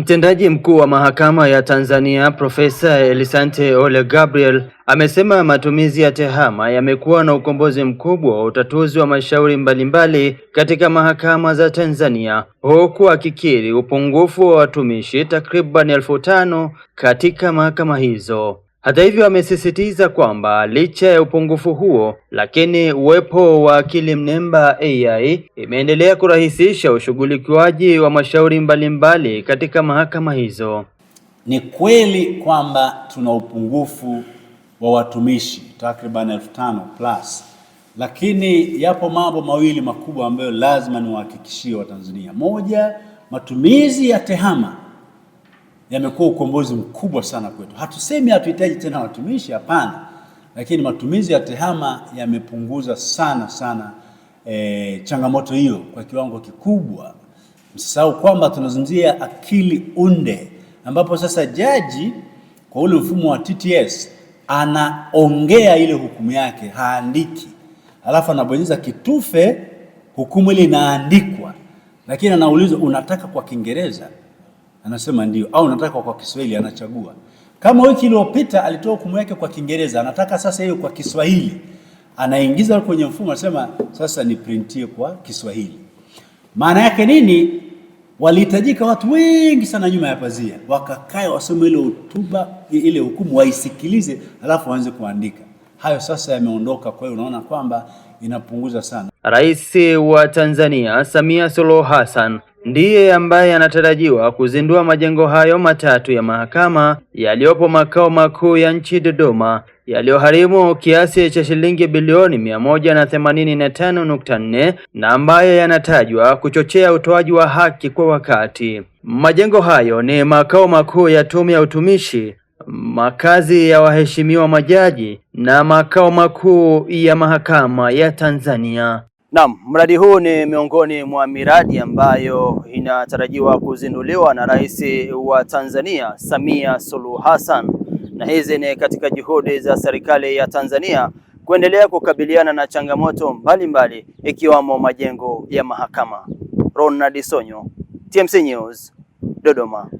Mtendaji mkuu wa mahakama ya Tanzania Profesa Elisante Ole Gabriel amesema matumizi ya tehama yamekuwa na ukombozi mkubwa wa utatuzi wa mashauri mbalimbali katika mahakama za Tanzania, huku akikiri upungufu wa watumishi takriban elfu tano katika mahakama hizo. Hata hivyo, amesisitiza kwamba licha ya upungufu huo, lakini uwepo wa akili mnemba AI imeendelea kurahisisha ushughulikiwaji wa mashauri mbalimbali mbali katika mahakama hizo. Ni kweli kwamba tuna upungufu wa watumishi takriban elfu tano plus, lakini yapo mambo mawili makubwa ambayo lazima niwahakikishie Watanzania. Moja, matumizi ya tehama yamekuwa ukombozi mkubwa sana kwetu. Hatusemi hatuhitaji tena watumishi, hapana, lakini matumizi ya TEHAMA yamepunguza sana sana e, changamoto hiyo kwa kiwango kikubwa. Msisahau kwamba tunazungumzia akili unde, ambapo sasa jaji kwa ule mfumo wa TTS anaongea ile hukumu yake, haandiki, alafu anabonyeza kitufe, hukumu ile inaandikwa, lakini anaulizwa unataka kwa Kiingereza Anasema ndio, au nataka kwa Kiswahili, anachagua. Kama wiki iliyopita alitoa hukumu yake kwa Kiingereza, anataka sasa hiyo kwa Kiswahili, anaingiza kwenye mfumo, anasema sasa ni printie kwa Kiswahili. Maana yake nini? Walihitajika watu wengi sana nyuma ya pazia, wakakae wasome ile hotuba, ile hukumu waisikilize, alafu waanze kuandika hayo sasa yameondoka. Kwa hiyo unaona kwamba inapunguza sana. Rais wa Tanzania Samia Suluhu Hassan ndiye ambaye anatarajiwa kuzindua majengo hayo matatu ya mahakama yaliyopo makao makuu ya nchi Dodoma, yaliyoharimu kiasi cha shilingi bilioni mia moja na themanini na tano nukta nne na ambayo yanatajwa kuchochea utoaji wa haki kwa wakati. Majengo hayo ni makao makuu ya Tume ya Utumishi makazi ya waheshimiwa majaji na makao makuu ya mahakama ya Tanzania. Naam, mradi huu ni miongoni mwa miradi ambayo inatarajiwa kuzinduliwa na Rais wa Tanzania Samia Suluhu Hassan, na hizi ni katika juhudi za serikali ya Tanzania kuendelea kukabiliana na changamoto mbalimbali ikiwamo majengo ya mahakama. Ronald Sonyo, TMC News, Dodoma.